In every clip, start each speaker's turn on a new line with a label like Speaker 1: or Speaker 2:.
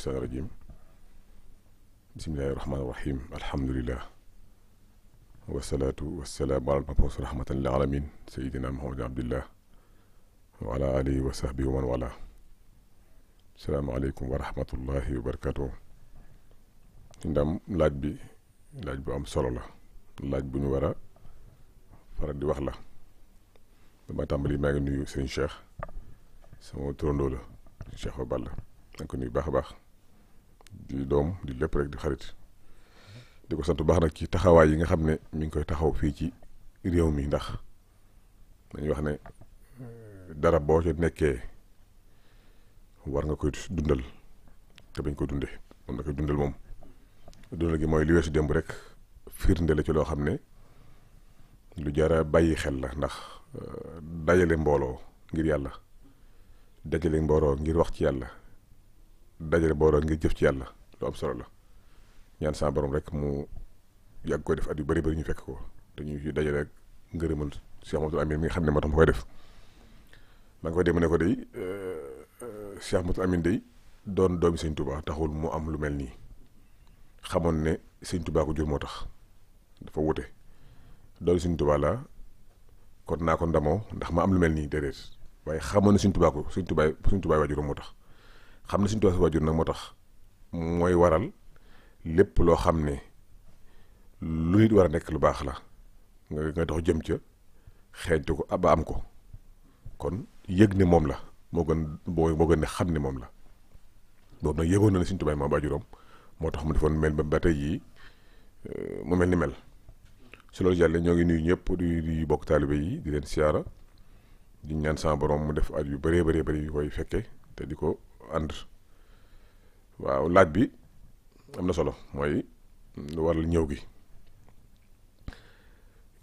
Speaker 1: sheytaan rajim bisimilahi rahmaani rahim alhamdulilah wasalaatu wasalaamu ala mabuus wala salaamaaleykum wa rahmatullahi wa barakatuh ndam laaj bi laaj bu am solo la laaj bu ñu war a faral di wax la dama tàmbali maa ngi nuyu sëñ Cheikh sama turandoo la Cheikh Obal la na ko nuyu baax baax di doom di lépp rek di xarit di ko sant bu baax nag ci taxawaay yi nga xam ne mi ngi koy taxaw fii ci réew mi ndax dañuy wax ne euh, dara boo ci nekkee war nga koy dundal te bañ koy dunde mën na koy dundal moom dundal gi mooy li weesu démb rek firnde la ci loo xam ne lu jara bàyyi xel la ndax euh, dajale mbooloo ngir yàlla dajale mbooloo ngir wax ci yàlla dajale booloo ngir jëf ci yàlla lu am solo la ñaan sa borom rek mu yàgg koy def at yu bari bëri ñu fekk ko te ñu ci dajale rek ngërëmal Cheikh Mouhamadou Amine mi ngi xam ne moo tax ma koy def maa ngi koy dem ne ko day eh, eh, Cheikh Mouhamadou Amine day doon doomi Sëñ Touba taxul mu am lu mel nii xamoon ne Sëñ Touba ko jur moo tax dafa wute doomi Sëñ Touba la kon naa ko ndamoo ndax ma am lu mel nii déedéet waaye xamoon ne Sëñ Touba ko Sëñ Touba Sëñ Touba waajuram moo tax xam ne suñu toog si waajur nag moo tax mooy waral lépp loo xam ne lu nit war a nekk lu baax la nga dox jëm ca xeeñtu ko ba am ko kon yëg ni moom la moo gën boo moo gën ne xam ne moom la boobu nag yëgoon na ne suñu tubaay ma baajuram moo tax mu defoon mel ba ba tey yii euh, mu mel ni mel su loolu jàllee ñoo ngi nuyu ñëpp di di bokk taalibe yi di leen siyaara di ñaan sama borom mu def at yu baree bëree bëri yu koy fekke te di ko ànd waaw laaj bi am na solo mooy lu waral ñëw gi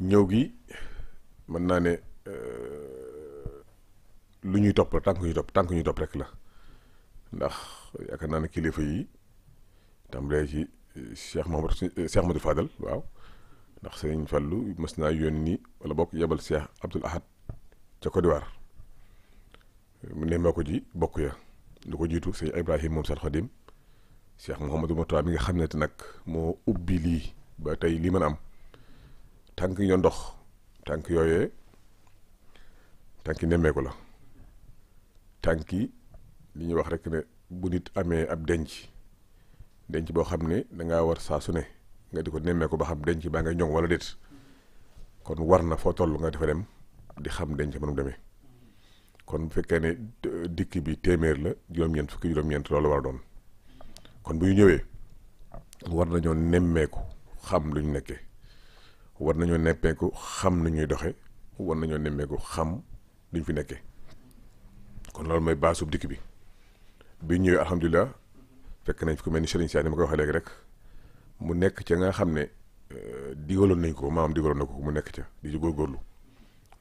Speaker 1: ñëw gi mën naa ne euh, lu ñuy topp la tànk ñuy topp tànk ñuy topp rek la ndax yaakaar naa ne kilifa yi tàmbalee ci euh, Cheikh Mahamad Cheikh Madou Fadal waaw ndax sëriñ Fallu mës naa yónni wala bokk yebal Cheikh Abdoul Ahad ca Côte mu ne ma ko ji bokk ya lu ko jiitu sëñ Ibrahima moom Sal Xadim Cheikh Mouhamadou Moustapha mi nga xam ne te nag moo ubbi lii tey lii mën am tànk yi ñoo ndox tànk yooyee tànk yi ko la tànk yi li ñuy wax rek ne bu nit amee ab denc denc boo xam ne da war saa su ne nga di ko nemmeeku ba xam denc baa ngay ñoŋ wala déet kon war na foo toll nga di fa dem di xam denc mënum demee. kon bu fekkee ne dikk bi téeméer la juróom-ñeent fukki juróom-ñeent loolu war a doon kon bu ñu ñëwee war nañoo nemmeeku xam lu ñu nekkee war nañoo nemmeeku xam lu ñuy doxe war nañoo nemmeeku xam lu fi nekkee kon loolu mooy baasub dikk bi bi ñëwee alhamdulilah fekk nañ fi ko mel ni Serigne Sy ni ma ko waxee léegi rek mu nekk ca nga xam ne euh, digaloon nañ ko maam digaloon na ko mu nekk ca di ci góorgóorlu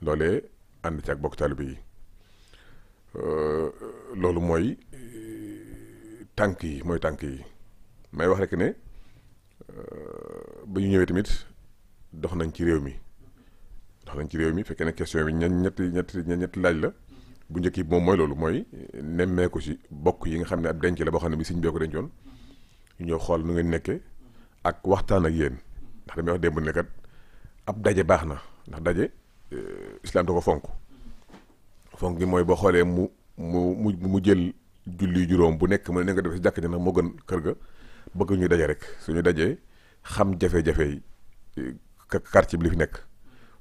Speaker 1: loolee ànd ci ak bokk taalibe yi Euh, loolu mooy euh, tànk yi mooy tànk yi may wax rek ne euh, ba ñu ñëwee tamit dox nañ ci réew mi dox nañ ci réew mi fekkee ne question bi ñan ñetti ñetti ñetti laaj la bu njëkk yi moom mooy loolu mooy nemmeeku si bokk yi nga xam ne ab denc la boo xam ne bi siñ bee ko dencoon ñu ñëw xool nu ngeen nekkee ak waxtaan ak yéen ndax damay wax démb ne ab daje baax na ndax daje islam da ko fonk fonk gi mooy boo xoolee mu mu mu mu jël julli juróom bu nekk mën ne nga def si jàkk ji nag moo gën kër ga bëgg ñu daje rek suñu dajee xam jafe-jafe yi quartier bi li fi nekk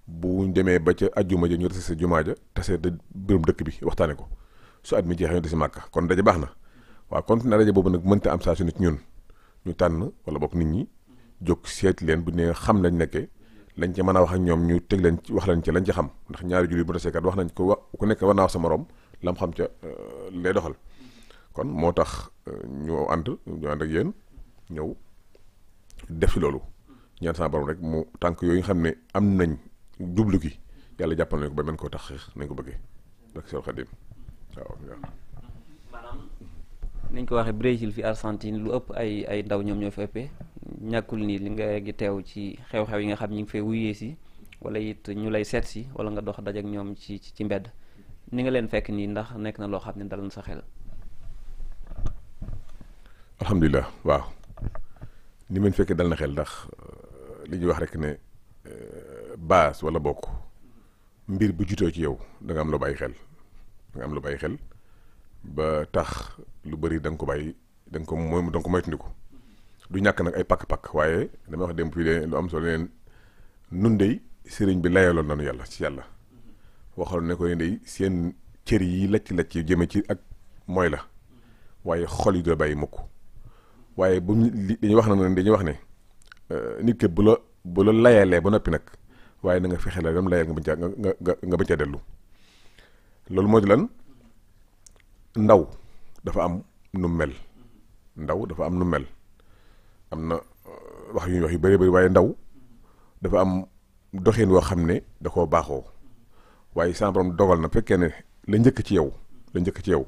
Speaker 1: bu ñu demee ba ca ajjuma ja ñu tase sa jumaa ja tase da birum dëkk bi waxtaane ko su at mi jeexee ñu si màkka kon daje baax na waaw kon na daje boobu nag mënta am saa su ne ci ñun ñu tànn wala bokk nit ñi jóg seet leen bu ne xam lañ nekkee lañ ci mën a wax ak ñoom ñu teg leen wax leen ci lañ ci xam ndax ñaari jullit bu tasee kat wax nañ ko wa ku nekk naa wax sa morom lam xam ca euh, lay doxal kon moo tax euh, ñu ànd ñu ànd ak yéen ñëw def ci loolu ñaan sama borom rek mu tànk yooyu nga xam ne am nañ jublu gi yàlla jàppal nañ ko ba mën koo tax nañ ko bëggee
Speaker 2: ak Seex Xaadim waaw maanaam nañ ko waxee Brésil fi Argentine lu ëpp ay ay ndaw ñoom ñoo fi ëppee ñàkkul nii li nga ngi teew ci xew-xew yi nga xam ñu ngi fee wuyee si wala it ñu lay seet si wala nga dox daje ak ñoom ci ci mbedd ni nga leen fekk nii ndax nekk na loo xam ne dal na sa xel.
Speaker 1: alhamdulilah waaw ni ma fekkee dal xel ndax euh, li ñuy wax rek ne euh, baas wala bokk mbir bu jutoo ci yow da am lu bàyyi xel da am lu bàyyi xel ba tax lu bari da nga ko bàyyi da nga ko moom da nga ko moytandiku. du ñàkk nag ay pakk-pakk waaye dama wax dem fii de lu am solo leen nun dey sëriñ bi layaloon nañu yàlla ci yàlla waxoon ne ko ne dey seen cër yi lacc-lacc jëme ci ak mooy la waaye xol yi doo bàyyi mukk waaye bu li dañuy wax na dañuy wax ne euh, nit ki bu la bu la layalee ba noppi nag waaye na nga fexe la dam layal nga bëccaa nga nga nga bëccaa dellu loolu moo di lan ndaw dafa am nu mel ndaw dafa am nu mel am na euh, wax yu ñu wax yu bëri bëri waaye ndaw dafa am doxin woo xam ne da koo baaxoo waaye sama dogal na fekkee ne la njëkk ci yow la njëkk ci yow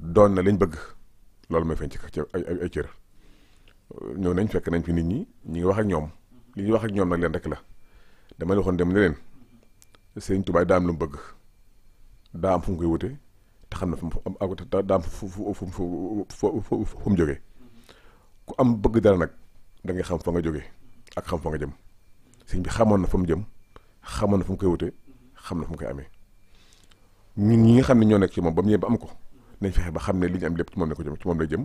Speaker 1: doon na lañ bëgg loolu mooy feeñ ci ay ay cër euh, ñëw nañ fekk nañ fi nit ñi ñi ngi wax ak ñoom li ñuy wax ñoom nag leen rek la dama la waxoon dem ne leen sëñ Tuubaa daa am lu mu bëgg daa am fu mu koy wute te xam ne fu mu daa am fu fu fu fu mu jógee. ku am bëgg dara nag da xam fa nga jóge ak xam fa nga jëm sëñ bi xamoon na fa mu jëm xamoon na fa mu koy wute xam na fa mu koy amee ñun ñi nga xam ne ñoo nekk ci moom ba mu ñëwee ba am ko nañ fexe ba xam ne li ñu am lépp ci moom la ko moom lay jëm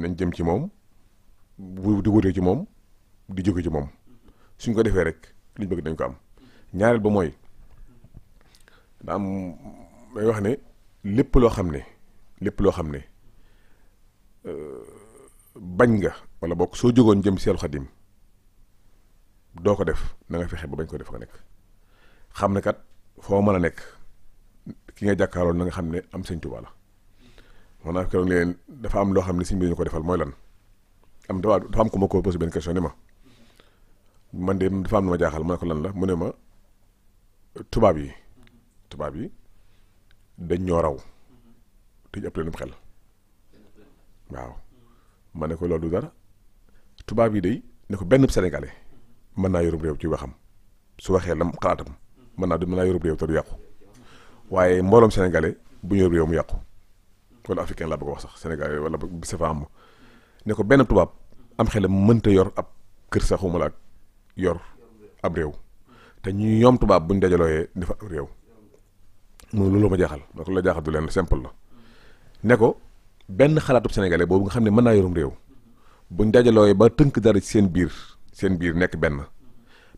Speaker 1: nañ jëm ci moom bu wutee ci moom di jóge ci moom suñ ko defee rek liñ bëgg dañ ko am ñaareel ba mooy da wax ne lépp loo xam ne lépp loo xam ne. Euh, bañ nga wala bokk soo jógoon jëm seelu xadim doo ko def na nga fexe ba bañ koo def nga nekk xam ne kat foo mën a nekk ki nga jàkkaaroon na nga xam ne am sëñ Tuubaa la maanaam keroog leen dafa am loo xam ne sëñ bi ko defal mooy lan am dafa am ku ma ko posé benn question ni ma man de dafa am lu ma jaaxal ma ne ko lan la mu ne ma tubaab yi tubaab yi dañ ñoo raw te ñu ëpp xel waaw ma ne ko loolu du dara tubaab yi day ne ko benn sénégalais mën naa yorub réew ci waxam su waxee mu xalaatam mën naa du mën naa yorub réew te du yàqu waaye mbooloom sénégalais bu ñu yorub réew mu yàqu wala africain laa bëgg wax sax sénégalais wala CFA am ne ko benn tubaab am xelam mënta yor ab kër sax xuma ak yor ab réew te ñu ñoom tubaab bu ñu dajalooyee dafa am réew. mu loolu ma jaaxal ma ko la jaaxal du leen simple la ne ko. benn xalaatub sénégalais boobu nga xam ne mën naa yorum réew buñ dajalooyee ba tënk dara ci seen biir seen biir nekk benn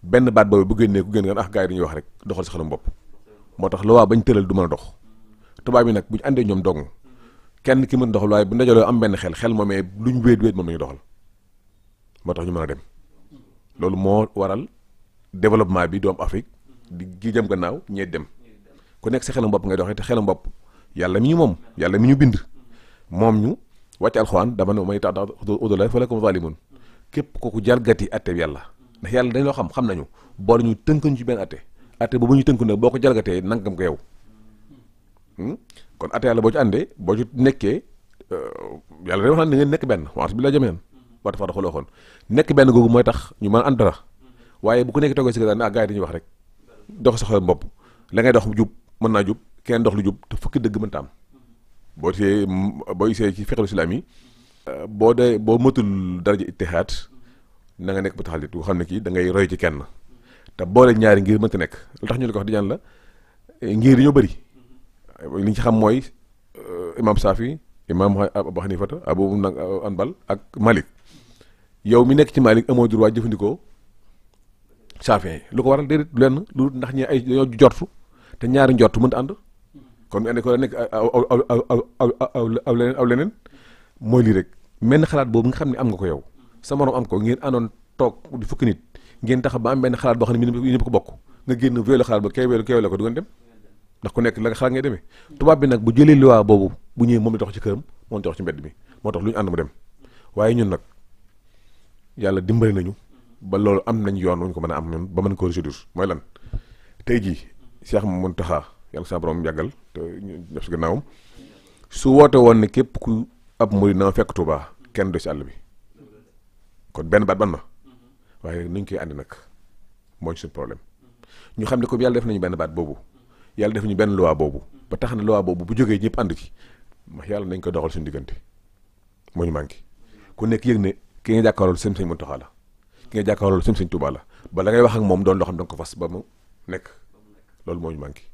Speaker 1: benn baat boobu bu génnee ku génn nga ah gars wax rek doxal sa bopp moo tax lu bañ tëral du mën a dox tubaab yi nag buñ àndee ñoom dong kenn ki mën doxal bu dajaloo am benn xel xel moomee luñ wéet wéet moom la ñu doxal moo tax ñu mën a dem loolu moo waral développement bi doom Afrique di gi jëm gannaaw ñee dem ku nekk sa xelum bopp ngay doxee te xelum bopp yàlla mi ñu moom yàlla mi ñu bind. moom ñu wàcc alxuraan dama ne may tax tax udulay fa lakum zalimun képp kooku jalgati atte bi yàlla ndax yàlla dañ loo xam xam nañu boole ñu tënk tënkuñu ci benn atte atte boobu ñu tënk nag boo ko jalgatee nangam ko yow hmm? kon atte yàlla boo ci àndee boo ci nekkee euh, yàlla day wax naan nekk benn wax bi la jameen waxta fax daxaloo nekk benn googu mooy tax ñu man a ànd dara waaye bu ku nekk toogee si daa ne ah gars wax rek dox sa bopp la ngay dox jub mën naa jub kenn dox lu jub te fukki dëgg mën taam boo tee boo gisee ci fiqhul islaam yi boo dee boo mëtul daraja ittihaad na nga nekk mu taxalit boo xam ne kii da ngay roy ci kenn te boole ñaari ngir mënta nekk lu tax ñu la ko wax di ñaan la ngiir dañoo bëri li ñu ci xam mooy euh, imaam Saafi imaam Abu Hanifata Abu euh, Anbal ak Malik yow mi nekk ci Malik amoo droit jëfandikoo Saafi yi lu ko waral déedéet lenn lu ndax ñi ay dañoo jortu te ñaari njortu mënta ànd kon ande ko la nekk aw aw leneen aw leneen mooy lii rek menn xalaat boobu nga xam ne am nga ko yow sa morom am ko ngeen àndoon toog di fukki nit ngeen tax ba am benn xalaat boo xam ne ñu ñëpp ko bokk nga génn vélo xalaat ba kay vélo kay ko du ngeen dem ndax ku nekk la nga xalaat ngay demee tubaab bi nag bu jëlee loi boobu bu ñëwee moom la ci këram moom dox ci mbedd bi moo tax lu ñu ànd dem waaye ñun nag yàlla dimbali nañu ba loolu am nañ yoon wuñ ko mën a am ñun ba mën ko résoudre mooy lan tey jii Cheikh Mountakha yàlla saa borom yàggal te ñu def si su wootee woon ne képp ku ab murid na fekk Touba kenn du si àll bi kon benn baat ba na waaye nuñ koy àndi nag mooy suñu problème ñu xam ne ko yàlla def nañu benn baat boobu yàlla def ñu benn loi boobu ba tax na loi boobu bu jógee ñëpp ànd ci ma yàlla nañ ko doxal suñu diggante moo ñu manqué ku nekk yëg ne ki nga jàkkaarlool seen sañ Muntaxa la ki nga jàkkaarlool suñ sëñ Touba la ba la ngay wax ak moom doon loo xam ko fas ba mu nekk loolu moo ñu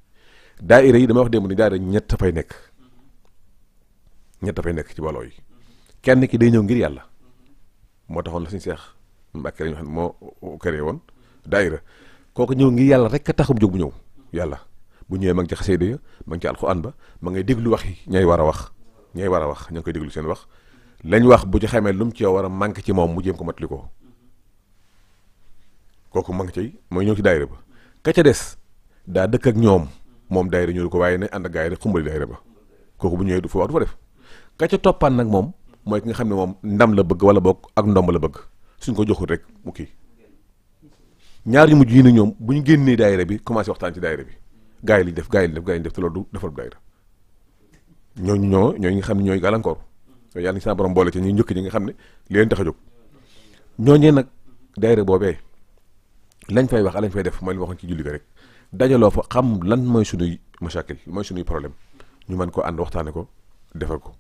Speaker 1: daayira yi dama wax démb ni daayira ñett fay nekk ñett fay nekk ci mbooloo yi kenn ki day ñëw ngir yàlla moo taxoon la suñu seex Mbàkke la ñu xam moo créé woon daayira kooku ñëw ngir yàlla rekk a taxum jóg bu ñëw yàlla bu ñëwee ma ngi ci xasee de ma ngi ci alxuraan ba ma ngay déglu wax yi ñay war a wax ñay war a wax ña koy déglu seen wax lañ wax bu ci xamee lu mu ci yow war a manqué ci moom mu jéem ko matali ko kooku ma ngi ciy mooy ñëw ci daayira ba ka ca des daa dëkk ak ñoom moom daayira ñu ko waaye ne ànd ak gars yi rek xumbali daayira ba kooku bu ñëwee du fa wax du fa def ka ca toppaan nag moom mooy ki nga xam ne moom ndam la bëgg wala bokk ak ndomb la bëgg suñ ko joxul rek mu kii ñaar ñu mujj yi nag ñoom bu ñu génnee daayira bi commencé waxtaan ci daayira bi gars yi liñ def gars yi liñ def gars yi liñ def te loolu du defal daayira ñooñu ñoo ñooñu nga xam ne ñooy gàllankoor yàlla nañ sa borom boole ci ñu njëkk ñi nga xam ne li leen tax a nag daayira boobee lañ fay wax lañ fay def mooy li waxoon ci julli ga rek dajaloo fa xam lan mooy suñuy machakil mooy suñuy problème ñu mën ko ànd waxtaane ko defar ko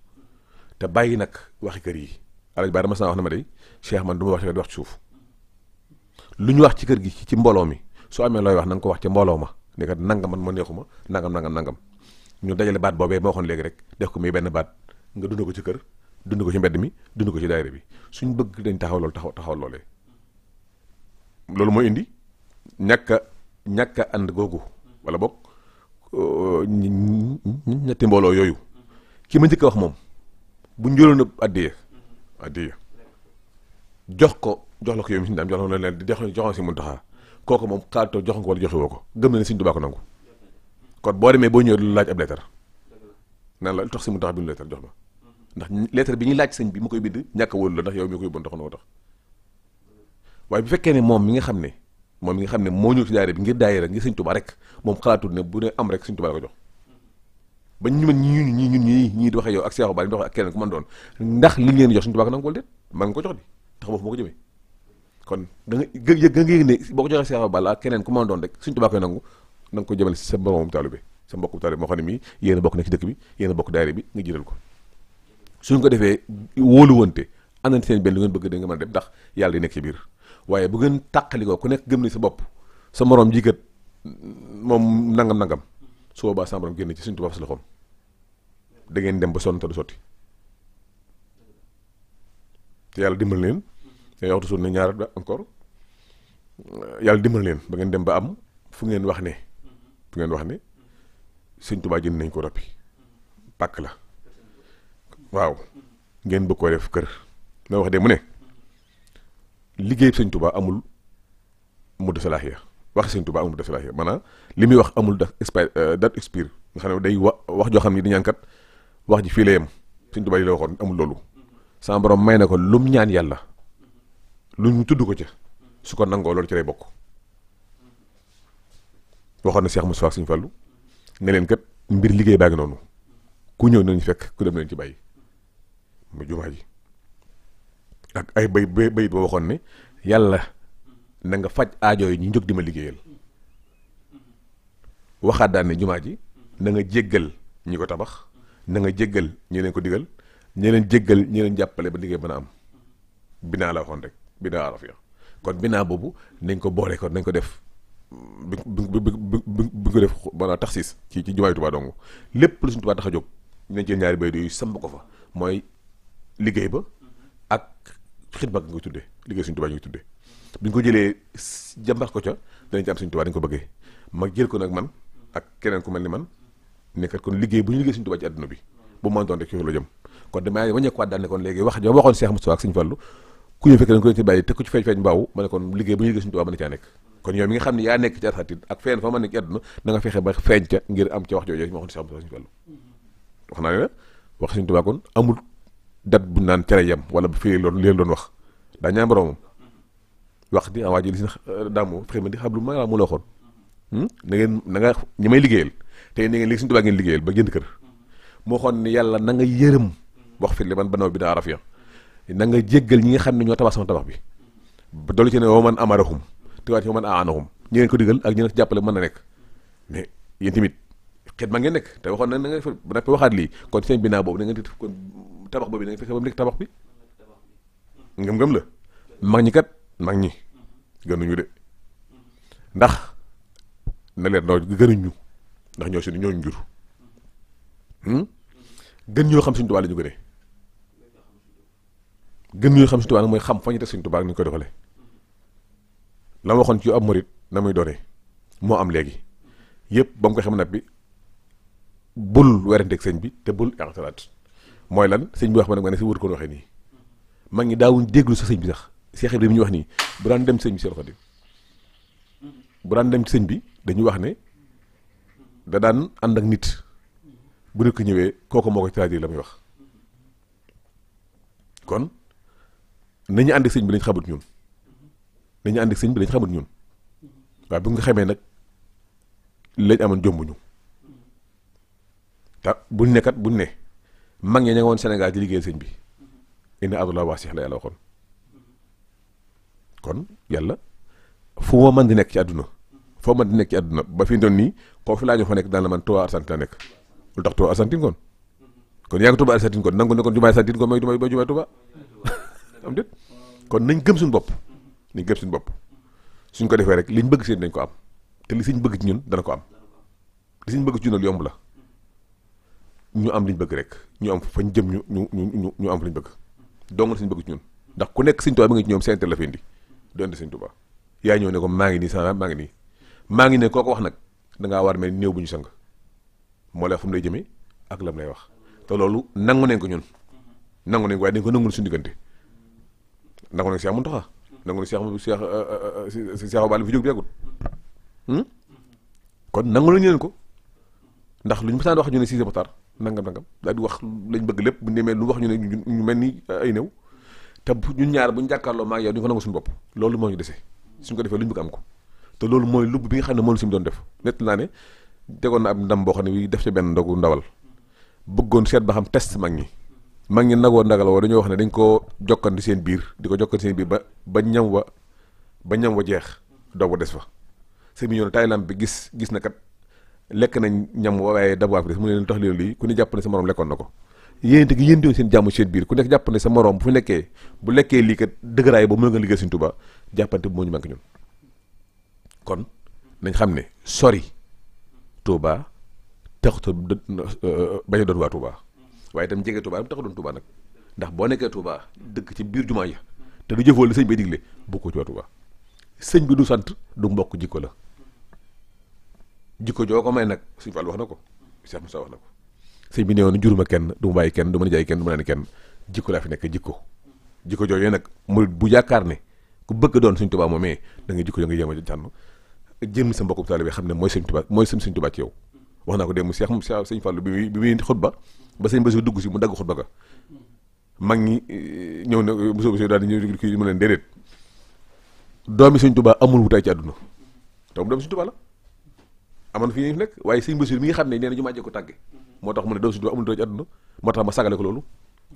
Speaker 1: te bàyyi nag waxi kër yi alaj baara mas naa wax na ma de cheikh man du ma wax ci wax ci suuf lu ñu wax ci kër gi ci mbooloo mi soo amee looy wax na nga ko wax ci mbooloo ma ne kat nangam man ma neexuma nangam nangam nangam ñu dajale baat boobee ma waxoon léegi rek def ko muy benn baat nga dund ko ci kër dund ko ci mbedd mi dund ko ci daayira bi suñ bëgg dañ taxaw loolu taxaw taxaw loolu mooy indi ñàkk ñàkk a ànd googu wala boog euh, ñetti mbooloo yooyu kii ma njëkk a wax moom bu njëloon a addiya addiya jox ko jox la ko yow mi si daam jox jox joxoon si Muntaxa kooku moom xaatoo joxoon ko wala joxe ko gëm na ne Sëñ Tuubaa ko boo demee boo ñëwee laaj ab leetar naan la lu tax si Muntaxa bi lu jox ma ndax leetar bi ñuy laaj sëñ bi mu koy bind ñàkk a la ndax yow mi koy bon tax na ko tax waaye bu fekkee ne moom mi nga xam ne moom mi nga xam ne moo ñëw ci daayira bi ngir daayira ngir sëñ Tuubaa rek moom xalaatul ne bu ne am rek sëñ Tuubaa la ko jox ba ñu mën ñi ñi ñun ñi ñii di waxee yow ak Seexu Baa di waxee ak keneen ku mën doon ndax li ngeen jox sëñ Tuubaa ko nangu déet nga ko jox di tax boofu moo kon da nga yëg nga yëg ne boo ko joxee Seexu Baa keneen ku mën doon rek sëñ Tuubaa koy nangu na nga ko jëmale sa moroomum taalibe sa mbokkum taalibe moo xam ne mii yéen bokk nekk ci dëkk bi yéen a bokk daayira bi nga jëlal ko suñ ko defee wóoluwante am nañ seen benn lu ngeen bëgg da nga mën a dem ndax yàlla day nekk ci biir waaye bu ngeen tàqalikoo ku nekk gëm na sa bopp sa morom ji moom nangam nangam su boobaa sa morom génn ci Sëriñ Tuubaa sa loxoom da ngeen dem ba sonn te du sotti te yàlla dimbal leen te waxtu suuf ñaar encore yàlla dimbal leen ba ngeen dem ba am fu ngeen wax ne fu ngeen wax ne Sëriñ Tuubaa jënd nañ ko roppi pàkk la waaw ngeen bëgg koo def kër na wax de mu ne. liggéey sëñ tubaa amul mu def dese laaxiya waxi sëñ tubaa amul mu dese laaxiya maanaam li muy wax amul euh, date expire date nga xam ne day wa wax joo xam ne di ñaankat wax ji fii la yem sëñ Tuubaa yi la waxoon amul loolu sama borom may na ko lum ñaan yàlla lu ñu tudd ko ca su ko nangoo loolu ci lay bokk waxoon na Cheikh Moussa Sëñ Fallu ne kat mbir liggéey baa ngi noonu ku ñëw ñu fekk ku dem nañu ci bàyyi mu jumaa ji ak ay bay bay ba waxoon ni yàlla na nga faj aajoo yi ñu jóg di ma liggéeyal waxaat daan ne jumaa ji na nga jéggal ñi ko tabax na nga jéggal ñi leen ko digal ñi leen jéggal ñi leen jàppale ba liggéey ba a am binaa la waxoon rek binaa araf ya kon binaa boobu nañ ko boole ko nañ ko def bi bi bi ko def maanaam taxsiis ci ci jumaa yi Tuubaa dong lépp lu suñu Tuubaa tax a jóg nañ ci ñaari bay yu samb ko fa mooy liggéey ba xidma nga koy tuddee liggéey Sëñ Tuubaa ñu koy ko jëlee jàmbax ko ca danañ ci am Sëñ Tuubaa dañ ko bëggee ma jël ko nag man ak keneen ku mel ni man nekkat kon liggéey bu ñu liggéey Sëñ Tuubaa ci bi bu mën doon rek ci la wax ja ma waxoon Cheikh Moustapha ak Sëñ Fallu ne kon liggéey bu ñu liggéey Sëñ Tuubaa mën na caa nekk kon yow nga xam ne yaa nekk ci arxatit ak fenn fa mën nekk ci àdduna fexe ba feeñ ca ngir am ca wax jooju ma wax naa ne la wax Sëñ Tuubaa kon amul dat bu naan cere yam wala bu fii loolu leen doon wax daa ñaan boromam wax di awaa ji li si daamoo euh, fexe di xam lu ma laa mu la waxoon hmm? na ngeen na nga ñi may liggéeyal tey na ngeen léegi suñu tubaab ba jënd kër moo xoon ne yàlla na nga yërëm wax fi li man banaw bi daa rafet na nga jéggal ñi nga xam ne ñoo tabax sama tabax bi doolu ci ne woo man amarahum te waat man aanahum ñi ngeen ko digal ak ñi nga nekk mais yéen tamit xet ma ngeen nekk te waxoon na na nga fa waxaat lii kon seen binaa boobu na ngeen kon tabax boobu nag fexe ba mu nekk tabax bi la mag ñi kat mag ñi gënuñu de ndax na leen ndaw gënuñu ndax ñoo suñu ñooñu jur hmm? gën ñoo xam suñu tubaab ñu gënee gën ñoo xam suñu tubaab nag mooy xam fa ñu teg suñu tubaab ni ñu koy doxalee la waxoon ci ab na muy doonee moo am léegi yëpp ba mu ko xam nag bi bul weranteeg sëñ bi te bul ixtiraat mooy lan sëñ bi wax ma nag ma ne si wër ko waxee nii mag ñi daawuñ déglu sa sëñ bi sax Cheikh Ibrahima ñu wax nii bu daan dem sëñ bi Cheikh Khadim bu sëñ bi dañuy wax ne da daan ànd ak nit bu nekk ñëwee kooku moo ko traduire la muy wax kon nañu ànd ak sëñ bi lañ xamut ñun nañu ànd ak sëñ bi lañ xamut ñun waaye bu nga xamee nag lañ amoon jombuñu ta buñ nekkat buñ ne. mag ñi ña nga woon Sénégal di liggéey sëñ bi mm-hmm. inna abdullah waasix la yàlla waxoon kon yàlla fu ma mën di nekk ci àdduna mm-hmm. foo man di nekk ci àdduna ba fi doon nii koo fi laa fa nekk daan man Touba Argentine la nekk lu tax Touba Argentine kon mm-hmm. kon yaa ngi Touba Argentine kon nangu ne kon jumaa Argentine kon mooy jumaa mooy jumaa Touba am déet kon nañ gëm suñu bopp nañ gëm suñu bopp suñ ko defee rek liñ bëgg seen dañ ko am te li siñ bëgg ci ñun dana ko am li siñ bëgg ci ñun nag yomb la ñu am liñ bëgg rek ñu fañ jëm ñu ñu ñu ñu am liñ bëgg dong suñ bëgg ñun ndax ku nekk sëñ Tuubaa bi nga ci ñoom seen la fi indi du indi sëñ Tuubaa yaa ñëw ne ko maa ngi nii sama maa ngi nii maa ngi ne koo ko wax nag da ngaa war mel néew bu ñu sang moo lay fu mu lay jëmee ak lam lay wax te loolu nangu nañ ko ñun nangu nañ ko waaye dañ ko nangul suñu diggante nangu nañ Seex Muntaxa nangu nañ Seex Seex Seex Obal fi jóg yàggul hmm? kon nangu nañ leen ko ndax lu ñu mësaan wax ñu ne Sise Moxtaar nangam nangam daal di wax lañ bëgg lépp bu mee lu wax ñu ne ñu mel ni euh, ay néew te ñu ñaar bu ñu jàkkaarloo maa yow duñ ko nangu suñu bopp loolu moo ñu dese suñ ko defee luñ bëgg am ko te loolu mooy lubb bi nga xam ne moom suñu doon def nett naa ne tegoon na ab ndam boo xam ne bi def ci benn ndogu ndawal bëggoon seet ba xam test mag ñi mag ñi nagoo ndagal woo dañoo wax ne dañ ko jokkanti seen biir di ko jokkanti seen biir ba ba ñam wa ba ñam wa jeex doog ba des fa sëñ bi ñëw na bi gis gis na kat lekk nañ ñam waaye dab waa ko des mu ne leen tax leen lii ku ne jàpp ne sa morom lekkoon na ko yéen gi yéen doon seen jàmm seen biir ku nekk jàpp ne sa morom bu fi nekkee bu lekkee lii kat dëgëraay ba mën nga liggéey Sëñ Tuubaa jàppante bi moo ñu xam ne sori Tuubaa taxuta euh, bañ a doon waa Tuubaa waaye itam jege Tuubaa dam taxu nag ndax boo nekkee Tuubaa dëkk ci biir jumaa yi te du jëfoo la sëñ bay digle bokkoo ci waa sëñ bi du sant du mbokk jikko la jikko joo ko may nag Sëñ Fall wax na ko Cheikh Moussa wax na ko sëñ bi ne woon juruma kenn du ma bàyyi kenn du ma nijaay kenn du ma naan kenn jikko laa fi nekk jikko jikko jooju nag murid bu yaakaar ne ku bëgg doon Sëñ Tuubaa moomee da nga jikko joo nga yéem a tànn jëmmi sa mbokku taalibe bi xam ne mooy Sëñ Tuubaa mooy Sëñ Tuubaa ci yow wax naa ko démb Cheikh Moussa Sëñ Fall bi muy bi muy xutba ba sëñ Bassirou dugg si mu dagg xutba ga mag ñi eh, ñëw na Moussa Bassirou daal di ñëw kii mu leen déedéet doomi Sëñ Tuubaa amul wutaay ci àdduna doom doomi Sëñ Tuubaa la amoon fii nii nekk waaye sëñ Basiru mi nga xam ne nee na jumaa jee ko tàgge moo tax mu ne doo si amul ma sagale ko loolu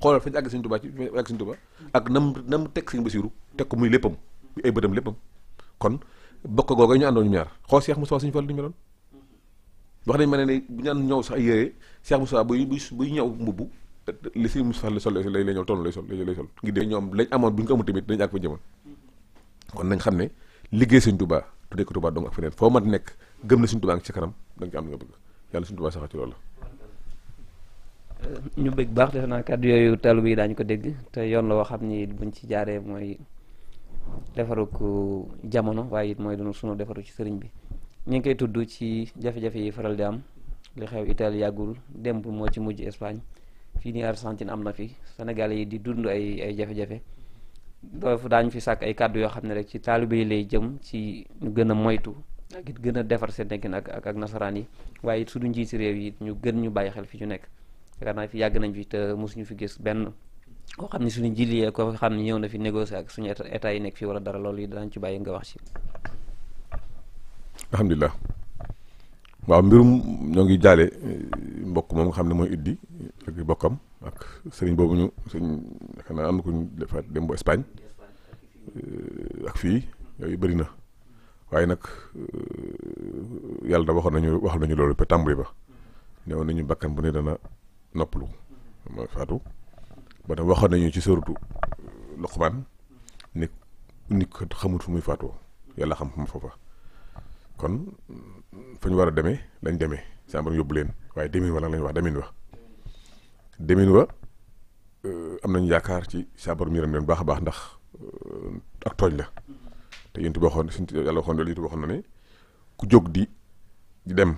Speaker 1: xoolal fañu àgg sëñ Tuubaa ci àgg sëñ Tuubaa ak nam nam teg sëñ Basiru teg ko muy léppam muy ay bëtam léppam kon bokk googu ñu àndoon ñaar ñaar xool mu Moussa sëñ Fallu ñu meloon wax nañ ma ne ne bu ñaan ñëw sax ay yére Cheikh Moussa buy buy ñëw mbubb li sëñ Moussa la sol lay lay ñëw toll lay sol lay sol ngir de ñoom lañ amoon bu ñu ko amul tamit dañu àgg fa jëmoon kon nañ xam ne liggéey sëñ Tuubaa du nekk Touba dong foo mat nekk gëm na suñu Touba ngi ci kanam da nga ci am bëgg
Speaker 2: euh, ñu bëgg baax defe naa kàddu yooyu taalibe yi daañu ko dégg te yoon la woo xam ni buñ ci jaaree mooy defaruk jamono waaye it mooy doonu sunu defaru ci sëriñ bi ñu ngi koy tudd ci jafe-jafe yi faral di am li xew Italie yàggul démb moo ci mujj Espagne fii nii Argentine am na fi senegal yi di dund ay ay jafe-jafe doofu daañu fi sàkk ay kàddu yoo xam ne rek ci taalibe yi lay jëm ci ñu gën a moytu ak gën a defar seen nekkin ak ak ak nasaraan yi waaye it suñu njiiti réew yi ñu gën ñu bàyyi xel fi ñu nekk yaakaar naa fi yàgg nañ fi te mosuñu fi gis benn koo xam ne suñu njiit ko xam ne ñëw na fi négocier ak suñu état yi nekk fii wala dara loolu yi danañ ci bàyyi nga wax ci
Speaker 1: alhamdulilah waaw mbirum ñoo ngi jaale eh, mbokk moom nga xam ne mooy Iddi ak bokkam ak sëriñ boobu ñu sëñ xanaa am na ko ñu defaat dem ba Espagne eh, ak fii yooyu bëri na waaye nag eh, yàlla da waxoon nañu waxal nañu loolu ba tàmbali ba neewoon nañu bakkan bu ne noppalu faatu ba tam waxoon nañu ci sóoratu Luqmaan ne nit xamul fu muy faatoo yàlla xam fu mu foofa kon fañ war a demee lañ deme saa yóbbu leen waaye demin wa lañu lañ wax demin wa demin wa euh, am nañu yaakaar ci saa borom yërëm leen baax a baax ndax euh, ak tooñ la te yéen it waxoon suñ yàlla waxoon loolu yéen waxoon na ne ku jóg di di dem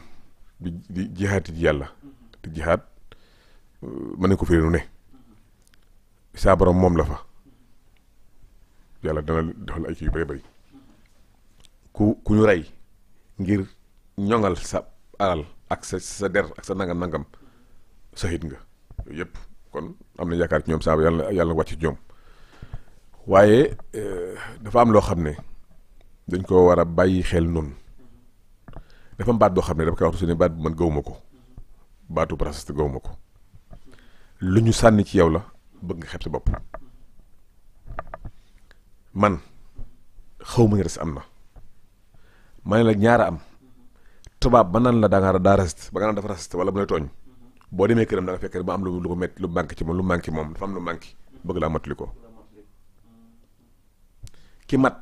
Speaker 1: di di jihaati yàlla te jihaat euh, mën ko firinu ne saa moom la fa yàlla dana defal ay kii yu bëri bëri ku ku ñu rey. ngir ñoŋal sa alal ak sa sa der ak sa nangam nangam saxit nga yépp kon am na yaakaar ci ñoom saaba yàlla na yàlla na wàcc ci ñoom waaye eh, dafa am loo xam ne dañ ko war a bàyyi xel noonu dafa am baat boo xam ne dafa koy wax su ne baat bu man gawuma ko baatu raciste gawuma ko lu ñu sànni ci yow la bëgg nga xeeb sa bopp man xaw ma ne res am na ma ne la ñaara am tubaab ba naan la dangaa daa raciste ba nga naan dafa raciste wala bu lay tooñ boo demee këram da nga fekk ba am lu lu ko lu manqué ci moom lu moom am lu manqué bëgg laa matali mat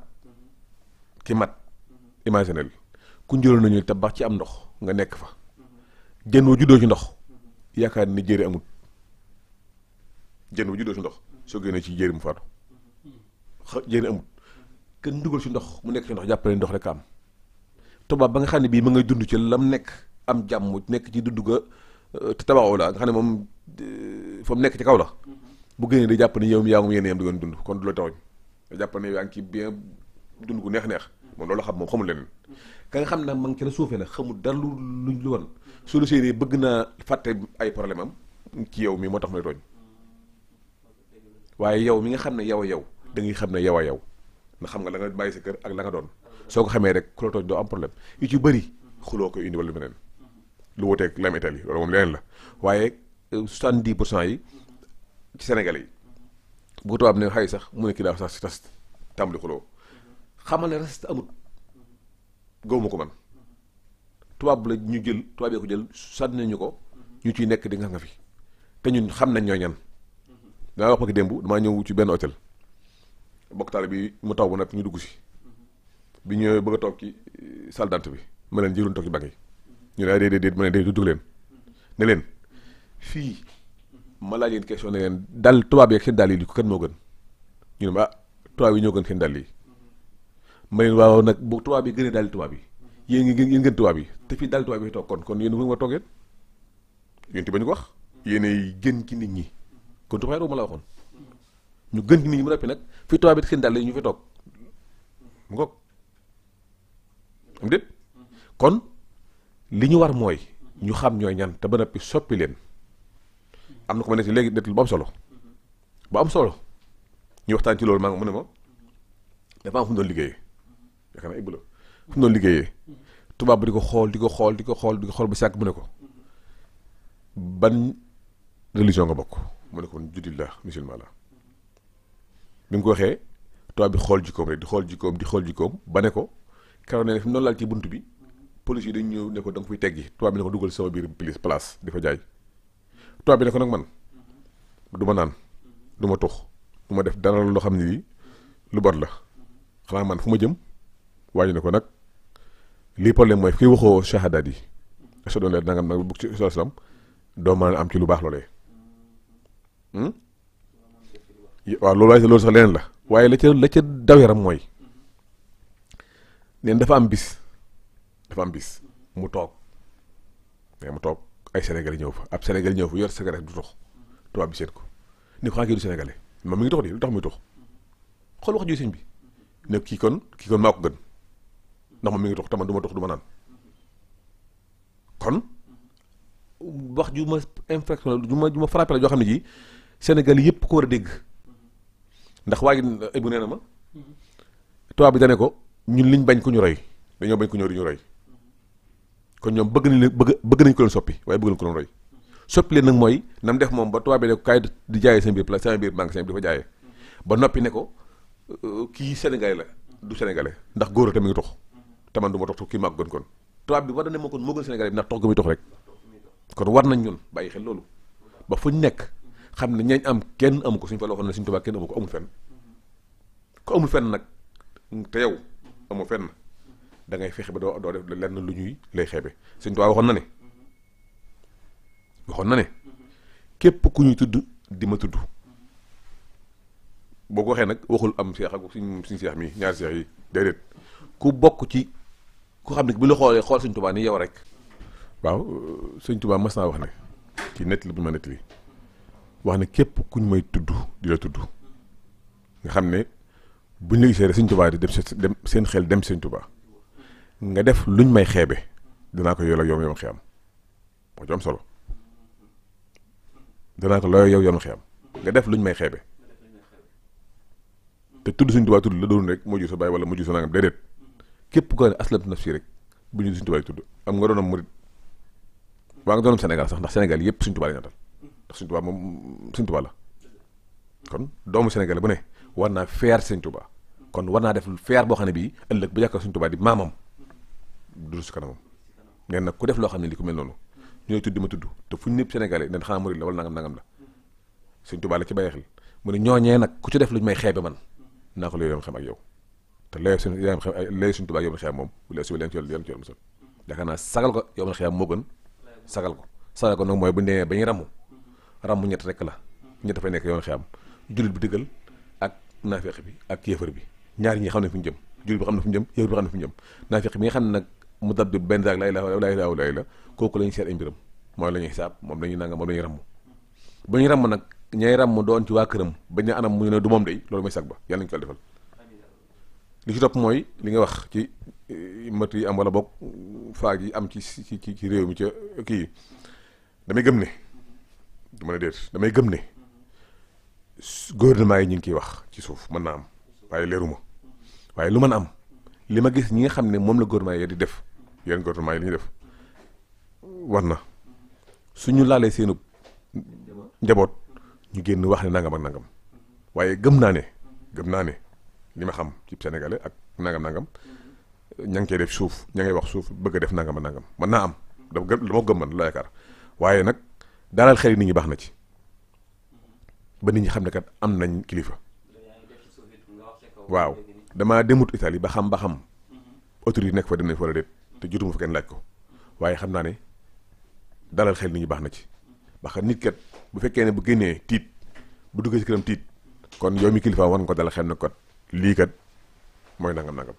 Speaker 1: ki mat imaginel ku njëloon nañu tabax ci am ndox nga nekk fa jën wu juddoo ci ndox yaakaar ni jën wu juddoo ci ndox soo génnee ci jëri mu faatu jëri amut ndox mu nekk ci ndox jàppale ndox rek am tubaab ba nga xam ne bii ma ngay dund ci lam nekk am jàmm nekk ci dund ga euh, te tabaxu la nga xam ne moom euh, fa mu nekk ci kaw la mm-hmm. bu génnee day jàpp ne yow mi yaa ngi di ngeen dund kon du la taxañ da jàpp ne yaa ngi dund gu neex-neex moom xam moom xamul leneen mm-hmm. ka xam ne ma ngi ci la suufee xamul dara lu luñ lu wan su lu séenee bëgg ay problème am ci yow mi moo tax may tooñ yow mi nga xam ne yow a yow da xam ne yow a yow ndax xam nga la nga bàyyi sa kër ak la nga doon soo ko xamee rek ku la doo am problème yu ci bëri xuloo ko indi wala meneen lu wuteeg lam Italie loolu moom leneen la waaye 70 euh, pour cent yi ci Sénégalais yi bu tubaab ne xëy sax mu ne kii sax si tas tàmbali xuloo xamal ne raciste amut góob ma ko man tubaab la ñu jël tubaab yi ko jël sànni nañu ko ñu ci nekk di nga nga fi te ñun xam nañ ñoo ñan damaa wax ko démb damaa ñëw ci benn hôtel bokk taal bi mu taw ba nag ñu dugg si. bi ñëwee bëgg a toog ci euh, salle d'attente bi ma leen jëloon toog ci bank yi ñu ne ah déedéet déet ma ne déedéet dugg leen ne leen fii ma laaj leen question ne leen dal tubaab yi ak seen dàll yi ko kan moo gën ñu ne ma ah tubaab ñoo gën seen dàll waaw nag bu tubaab yi gënee dal tubaab yi yéen ngi yéen gën tubaab yi te fii dal tubaab yi toog kon kon yéen fu nga toog yéen yéen wax yéenay gën ci nit ñi kon tubaab yi gën ci nag fii tubaab seen dàll yi ñu fi toog ngoog am déet kon li ñu war mooy ñu xam ñooy ñan te ba noppi soppi leen am na ko ma nekk léegi nekk bu am solo bu am solo ñu waxtaan ci loolu maa ngi mu ne ma dafa am fu mu doon liggéeyee yaakaar mu doon liggéeyee tubaab bi di ko xool di ko xool di ko xool di ko xool ba sàkk mu ne ko ban religion nga bokk mu ne ko man judit la musulman la bi mu ko waxee tubaab bi xool jikkoom rek di xool jikkoom di xool jikkoom ba ne ko keroog ne def noonu laal ci bunt bi police yi dañ ñëw ne ko da nga fuy teggi tubaab bi ne ko dugal sama biir police di fa jaay tubaab bi ne ko nag man du ma naan du ma tux du ma def dara loo xam ne lii lu bor la xanaa man fu ma jëm waaju ne ko nag lii mooy kii waxoo shahadaat yi so doon leer bu ci sosam doo mën am ci lu baax loolee hmm? waaw loolu waaye loolu sax leneen la waaye la ca la ca daw yaram mooy neen dafa am bis dafa am bis mu toog mais mu toog ay sénégalais ñëw fa ab sénégalais ñëw fa yor cigarette du tox tubaab bi seet ko ni ah, mi ngi tox di lu tax muy tox xool wax ji sëñ bi ne kii kon kii kon maa ko gën ndax moom mi ngi tox taman du ma tox du ma naan kon wax ju ma infraction ju ma ju ma frappé la joo xam ne ji sénégalais yëpp ko war a dégg ndax waa ji Ibou na ma tubaab bi dane ko ñun liñ bañ ku ñu roy dañoo bañ ku ñëw di ñu roy kon ñoom bëgg nañ bëgg bëgg nañ ko leen soppi waaye bëgg nañ ko leen roy soppi leen nag mooy nam def moom ba tubaab bi di jaayee seen biir place seen biir banque seen biir dafa ba noppi ne ko euh, kii sénégalais la du sénégalais ndax góor tamit ngi tox te man du ma tox kii maa ko gën kon tubaab bi war na ne moo kon moo gën sénégalais bi ndax tox ga muy tox rek kon war nañ ñun bàyyi xel loolu ba fuñ nekk xam ne ñañ am kenn amu ko suñ fa loo xam ne suñ tubaab kenn amu ko amul fenn ko amul fenn nag te yow amoo fenn da ngay fexe ba doo doo def lenn lu ñuy lay xeebe sëñ Tuubaa waxoon na ne waxoon na ne képp ku ñuy tudd di ma tudd boo ko waxee nag waxul am seex ak suñ seex mi ñaari seex yi déedéet ku bokk ci ku xam ne bu la xoolee xool sëñ Tuubaa ni yow rek. waaw sëñ Tuubaa mas naa wax ne ci nett li bu ma nett li wax ne képp kuñ may tudd di la tudd nga xam ne. bu ñu gisee rek sëñ Tuubaa di dem dem seen xel dem sëñ Tuubaa nga def lu ñu may xeebe danaa ko yool ak yow yow xiyam moo ci am solo danaa ko yow yow xiyam nga def lu ñu may xeebe te tudd sëñ Tuubaa tudd la doon rek moo jur sa bàyyi wala moo jur sa nangam déedéet képp ko ne aslamtu nafsi rek bu ñu sëñ Tuubaa tudd am nga doonam murit waa nga doonam Sénégal sax ndax senegal yëpp suñu Tuubaa la ñu ndax sëñ Tuubaa moom sëñ Tuubaa la kon doomu Sénégal bu ne. war naa feer sëñ Tuba kon war naa def lu feer boo xam ne bii ëllëg bu jàkkaarloo sëñ Tuba di maamam du si kanamam nee nag ku def loo xam ne li ko mel noonu ñooy tudd ma tudd te fuñ ñëpp Sénégalais nen xanaa murid la wala nangam nangam la sëñ Tuba la ci bàyyi xel mu ne ñooñee nag ku ci def lu ñu may xeebe man naa ko lay ma xam ak yow te lay suñ lay suñ Tuba yow xeeb moom lay suñ leen ci yoon ci yoon mosal naa sagal ko yow xeeb moo gën sagal ko sagal ko nag mooy bu ñu demee ba ñuy ramu ramu ñett rek la ñett dafay nekk yoon am jullit bi dëggal naafeq bi ak yéefar bi ñaar ñi xam ne fu ñu jëm jur bi xam ne fu ñu jëm yéefar bi xam ñu xam ne nag mu dab di benn zaag lay la lay la lay la kooku la ñuy seet ay mbiram mooy la ñuy moom la ñuy nangam moom la ñuy ràmm ba ñuy ràmm nag ñay ràmm doon ci waa këram ba ne anam mu ne du moom day loolu mooy sag ba yàlla nañu ko defal li ci topp mooy li nga wax ci eh, mat yi am wala boog faa yi am ci ci ci réew mi ca kii damay gëm ne du ma ne déet damay gëm ne gouvernement yi ñu ngi koy wax ci suuf mën naa am waaye leeru ma waaye lu mën a am li ma gis ñi nga xam ne moom la gouvernement yi di def yeneen gouvernement yi li def war na suñu laalee seenu njaboot ñu génn wax ne nangam ak nangam waaye gëm naa ne gëm naa ne li ma xam ci sénégalais ak nangam nangam ña ngi koy def suuf ña ngay wax suuf bëgg a def nangam ak nangam mën naa am dama gëm dama gëm man la yaakaar waaye nag dalal xel yi nit ñi baax na ci. ba nit ñi xam ne kat am nañ kilifa waaw damaa demut Italie ba xam ba xam autorité nekk fa dem nañ fa wala déet te jotuma fa kenn laaj ko waaye xam naa ne dalal xel nit ñi baax na ci ba xam nit kat bu fekkee ne bu génnee tiit bu duggee ci këram tiit kon yow mi kilifa wan nga ko dalal xel na kat lii kat mooy nangam nangam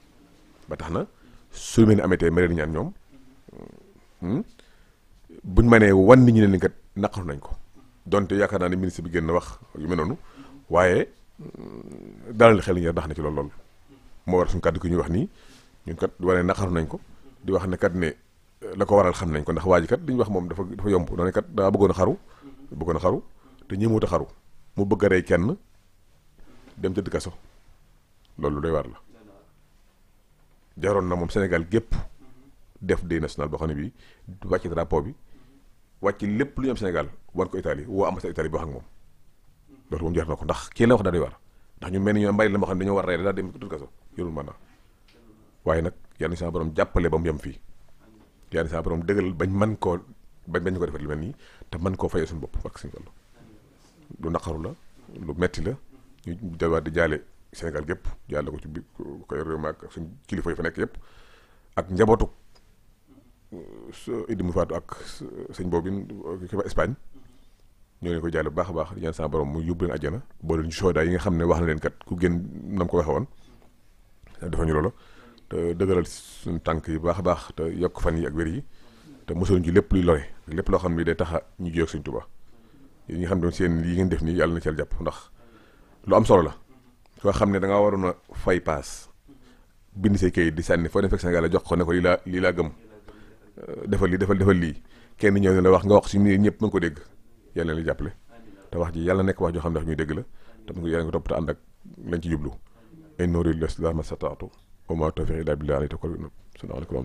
Speaker 1: ba tax na su mel ni ametee mere ñaan ñoom hmm, buñ ma nee wan nit ñi ne kat naqaru nañ ko. donte yaakaar naa ne ministre bi génn wax yu mel noonu waaye euh, dalal xel ñaar baax na ci lool lool moo war suñu kàddu gi ñuy wax nii ñun kat na naqaru nañ ko di wax ne kat ne euh, la ko waral xam nañ ko ndax waa kat li ñu wax moom dafa dafa yomb doone kat daa bëggoon a xaru bëggoon a xaru te ñëmuut a xaru mu bëgg a kenn dem tëdd kaso loolu doy war la jaroon na moom Sénégal gépp def deuil national boo xam ne bii wàcc drapeau bi wàcc lépp lu ñu am Sénégal war ko Italie woo ambassade Italie bi wax moom loolu moom jar na ko ndax kii la wax daa doy waar ndax ñu mel ni ñoo mbari la moo xam ne dañoo war rey daa dem tudd kaso yorul mën na waaye nag yàlla na sama jàppale ba mu yem fii yàlla na borom dëggal bañ mën koo bañ bañ ko defal lu mel nii te mën koo fayee suñu bopp wax suñu Fallu lu naqaru la lu metti la ñu dawaat di jaale Sénégal gépp jaale ko ci bi ko réew mi ak suñu kilifa yi fa nekk yëpp ak njabootu Idi mu faatu ak sëñ boobu ki fa Espagne ñoo leen ko jaale bu baax baax ñaan sama borom mu yóbbu leen àjjana boo leen soodaa yi nga xam ne wax na leen kat ku génn nam ko waxe woon dafa ñu loola te dëgëral suñu tànk yi baax a baax te yokk fan yi ak wér yi te mosul ci lépp luy lore lépp loo xam ne day taxa ñu jóg suñ Tuubaa yi nga xam ne seen yi ngeen def nii yàlla na ceel jàpp ndax lu am solo la koo xam ne da nga waroon a fay paas bind say kayit di sànni foo fekk Sénégal la jox ko ne ko lii laa lii laa gëm defal lii defal defal lii kenn ñëw ne la wax nga wax si nit ñëpp mën ko dégg yàlla la jàppale te wax ji yàlla nekk wax joo xam ne wax ñu dégg la te mu yàlla nga topp te ànd ak lañ ci jublu in uriidu illal islaaha mastata'tu wa maa tawfiiqii illaa billaah alayhi tawakkaltu salaamaaleykum